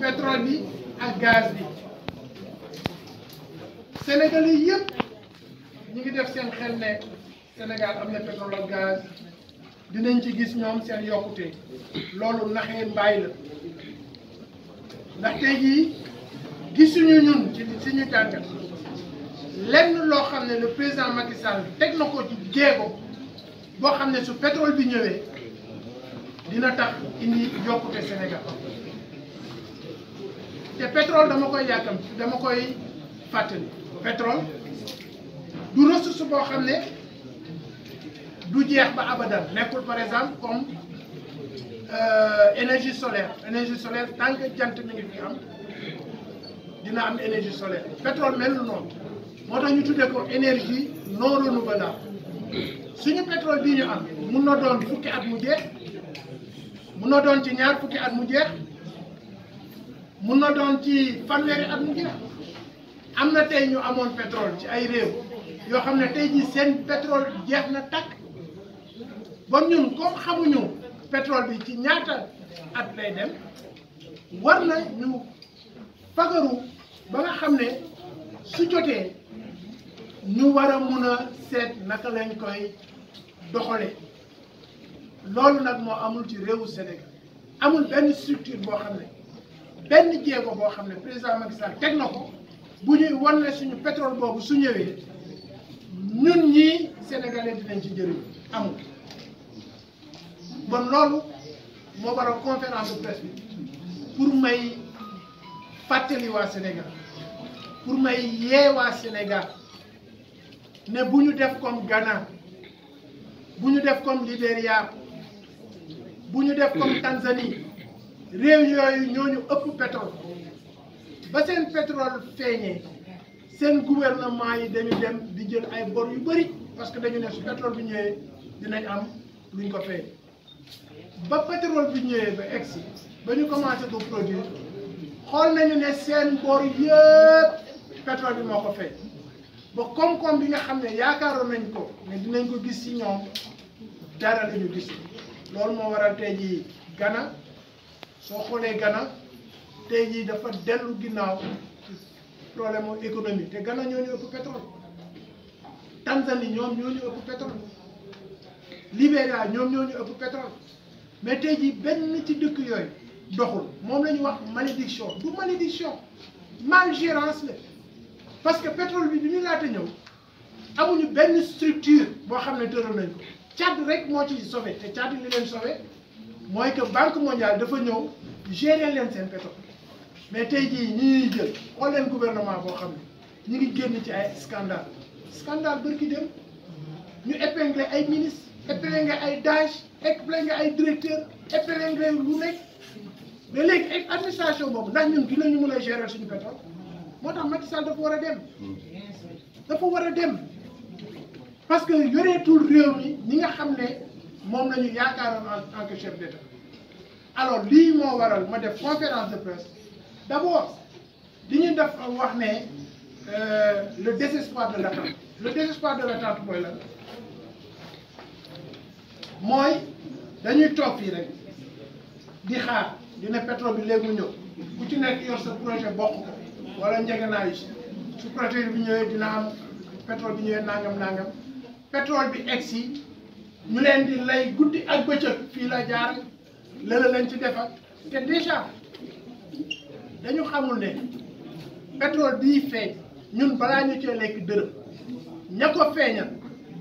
pétrole bi ak gaz bi Sénégalais yëpp ñu ngi def seen xel ne Sénégal am na pétrole ak gaz dinañ ci gis ñoom seen yokkute loolu naxee mbaay la ndax tey gis gisuñu ñun ci suñu jàngat lenn loo xam ne le président Macky teg na ko ci jéego boo xam ne su pétrole bi ñëwee dina tax indi yokkute Sénégal te pétrole dama koy yàkkam dama koy fàttali pétrole du ressource boo xam ne du jeex ba abadan nekkul par exemple comme Euh, énergie solaire énergie solaire tant que jant mi ngi fi am dina am énergie solaire pétrole mel non. moo tax ñu tuddee ko énergie non renouvelable suñu pétrole bii ñu am mun na doon fukki at mu jeex mun na doon ci ñaar fukki at mu jeex mun na doon ci fanweeri at mu jeex am na tey ñu amoon pétrole ci ay réew yoo xam ne tey seen pétrole jeex na tak bon ñun comme xamuñu. pétrole bi ci ñaata at lay dem war na ñu fagaru ba nga xam ne su jotee ñu war a mun a seet naka lañ koy doxalee loolu nag moo amul ci réewu Sénégal amul benn structure boo xam ne benn jéego boo xam ne président Macky Sall teg na ko bu ñuy wan ne suñu pétrole boobu su ñëwee ñun ñii sénégalais dinañ ci jëriñ amul. kon loolu moo waral conférence de presse pour may fàttali waa Sénégal pour may yee waa Sénégal ne bu ñu def comme Ghana bu ñu def comme Libéria bu ñu def comme Tanzanie réew yooyu ñooñu ëpp pétrole ba seen pétrole feeñee seen gouvernement yi dañu dem di jël ay bor yu bëri parce que dañu ne su pétrole bi ñëwee dinañ am luñ ko fay. ba pétrole bi ñëwee ba egsi ba ñu commencé ko produire xool nañu ne seen boor yëpp pétrole bi moo ko fay ba koom-koom bi nga xam ne yaakaaroon nañ ko ne dinañ ko gis ci ñoom dara la gis loolu moo waral tey jii Ghana soo xoolee gana tey jii dafa dellu ginnaaw problème économique te Ghana ñoo ñu ëpp pétrole Tanzanie ñoom ñoo ñu ëpp pétrole. libéral, ñoom ñoo ñu ëpp pétrole mais tey jii benn ci dëkk yooyu doxul moom la wax malédiction du malédiction malgérance parce que pétrole bi bi ñu laata ñëw amuñu benn structure boo xam ne tëral nañ Tchad rek moo ci sauvé te Tchad li leen sauvé mooy que banque mondiale dafa ñëw gérer leen seen pétrole mais tey jii ñi ñuy jël xool leen gouvernement boo xam ne ñu ngi génn ci ay scandale scandale bërki dem ñu épinglé ay ministre épelé nga ay DAGE épelé nga ay directeur épelé nga lu nekk mais léegi ay administration boobu ndax ñun ñu mën a gérer suñu pétrole moo tax Macky Sall dafa war a dem dafa war a dem parce que yoreetul réew mi ñi nga xam ne moom la ñu yaakaaroon en tant que chef d'état alors lii moo waral ma def conférence de presse d'abord di ñu def wax ne euh, le désespoir de l'attente le désespoir de l'attente mooy lan mooy dañuy toog fii rek di xaar dina ne bi léegi mu ñëw ku ci nekk yor sa projet bokk ko wala njëgënaayu si su projet bi ñëwee dina am pétrole bi ñëwee nangam nangam pétrole bi egg si ñu leen di lay guddi ak bëccëg fii la jaar lële lañ ci defar te déjà dañu xamul ne pétrole bii feeñ ñun balaa ñu ci lekk dërëm ña ko feeñal.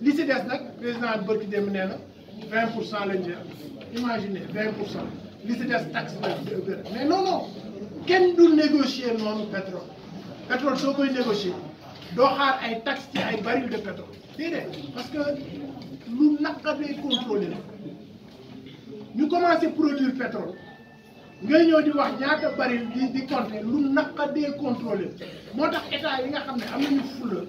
L'ICDES, le président Burki 20% l'indien. Imaginez, 20%. l'ICDES taxe mais non, non. Quel doux négocier non le pétrole Pétrole, ce qu'on négocie, d'avoir taxes, taxe qui barils baril de pétrole. Parce que nous n'avons pas de contrôle. Nous commençons à produire pétrole. Nous avons dit que nous des contrôles. Nous avons des de Nous le foule.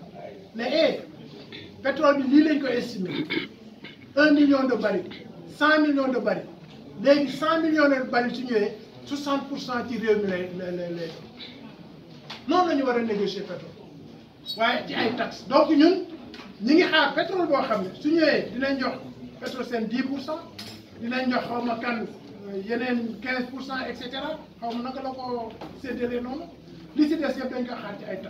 mais eh, pétrole bi estimé 1 million de barils 100 millions de barils 100 100 millions de barils 60%. ñëwee soixante les... ci réew nous devons négocier le pétrole donc nous, nous avons pétrole Si nous su nous dinañ jox pétrole 10% dinañ jox a kan euh,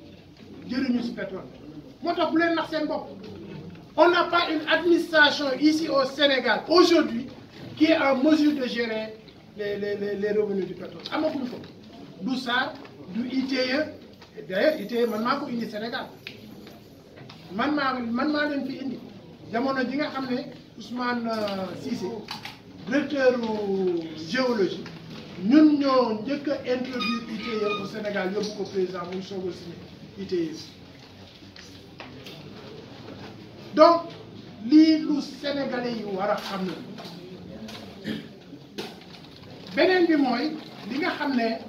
jëriñu si pétrole moo tax bu on n'a pas une administration ici au Sénégal aujourd'hui qui est en mesure de gérer les les les revenus du pétrole amaguñ ko du SAR du ITIE d'ailleurs ITIE man maa indi Sénégal man maa man maa leen fi indi jamono ji nga xam Ousmane euh, Cissé directeur géologie ñun ñoo njëkk a introduire ITIE au Sénégal yóbbu ko président muy soog a it is donc lii lu sénégalais yi war a na beneen bi mooy li nga xam ne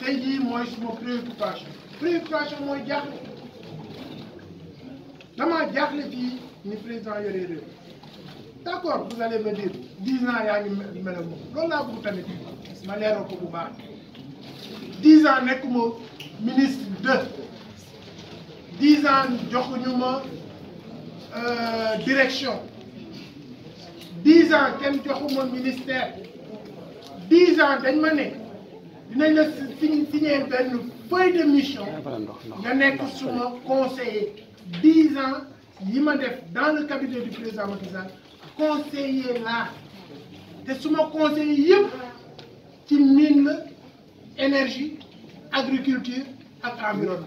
tey jii mooy suma préoccupation préoccupation mooy jaaxle damaa jaaxle fii ni président yore réew d'accord vous allez me dire dix ans yaa ngi mel moom loolu laa bëgg tamit ma leeral ko bu baax dix ans nekkuma ministre de 10 ans nous euh, direction 10 ans ken mon ministère 10 ans dañ ma né dinañ feuille de mission nous avons suma conseiller 10 ans yi ma def dans le cabinet du président Macky conseiller là té suma conseiller qui ci mine énergie l'agriculture et environnement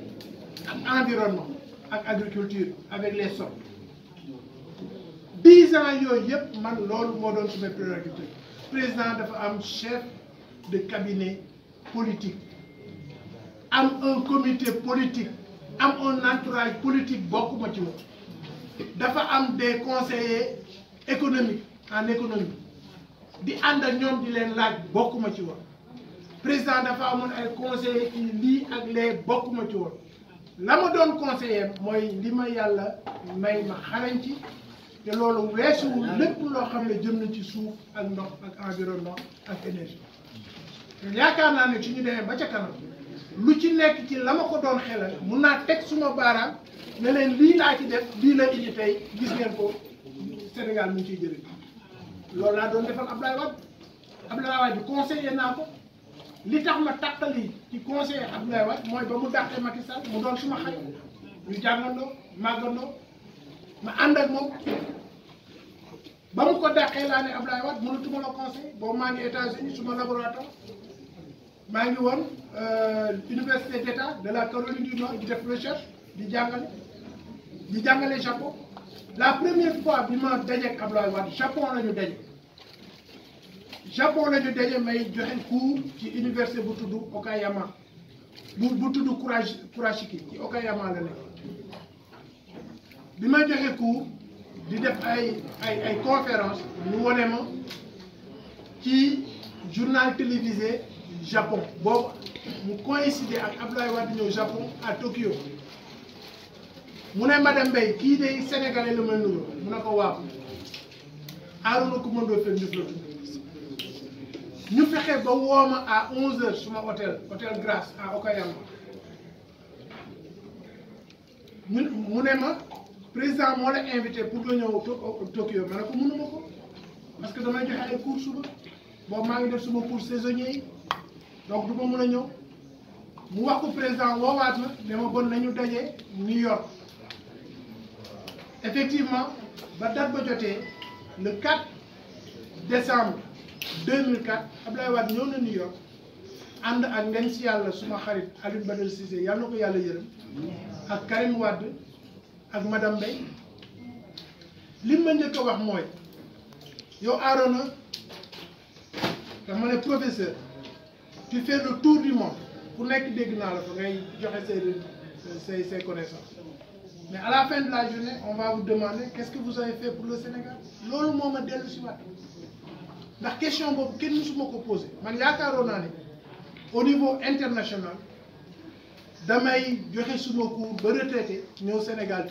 environnement avec agriculture avec les sols dix ans yooyu yëpp man loolu modon, me suma priorité président dafa am chef de cabinet politique am un comité politique am un entourage politique beaucoup ci Il dafa am des conseillers économiques en économie di a ak di leen laaj bokkuma ci président dafa un conseiller conseillers qui ak ci la ma doon conseiller mooy li ma yàlla may ma xarañ ci te loolu weesuwul lépp loo xam ne jëm na ci suuf ak ndox ak environnement ak énergie te yaakaar naa ne suñu demee ba ca kanam lu ci nekk ci la ma ko doon xelal mun naa teg suma baaraam ne leen lii laa ci def lii la indi tey gis ngeen ko Sénégal mu ngi ciy jëriñ loolu laa doon defal Abdoulaye Wade Abdoulaye Wade conseiller naa ko li tax ma tàqali ci conseiller Abdoulaye Wade mooy ba mu dàqee Macky Sall mu doon suma xarit ñu jàngandoo màggandoo ma ànd ak moom ba mu ko dàqee laa ne Abdoulaye Wade mënatuma la conseil boobu maa ngi États-Unis suma laboratoire maa ngi woon euh, université d'État de la Caroline du Nord di def recherche di jàngale di jàngale Japon la première fois bi ma dajeek Abdoulaye Wade Japon la ñu daje japon lañu daje may joxe cours qui université bu tudd Okayama Boutoudou bu tudd Kuraj Kurashiki ci Okayama la nekk bi may joxe cours di def ay ay ay conférence ñu sommes ma ci journal télévisé Japon boobu mu coïncider ak Abdoulaye Wade au Japon à Tokyo mu madame Bey, qui est sénégalais la may nous, mu ne ko waaw Arouna Coumba ñu fexé ba wooma à 11h suma hôtel hôtel Grâce à Okayama ñu mu ma président mo la invité pour nga ñëw Tokyo ma ne ko mënuma ko parce que damay joxe ay cours suba boobu maa ngi def suma cours saisonnier donc du ma ñëw mu wax ko président woowaat na ne ma bon nañu dajé New York effectivement ba date ba joté le 4 décembre. 2004 Abdoulaye Wade venu à New York and ak ngeen si yàlla suma xarit Alioune Badal Cissé yàlla na ko le yërëm avec Karim Wade avec madame Bey. Ce que je veux wax c'est yow Arona comme ma professeur tu fais le tour du monde pour nekk dégg naa la fa ngay joxe ses connaissances mais à la fin de la journée on va vous demander qu'est-ce que vous avez fait pour le Sénégal C'est ce que je veux dire. La question que nous sommes posée, au niveau international damay joxe retraité au Sénégal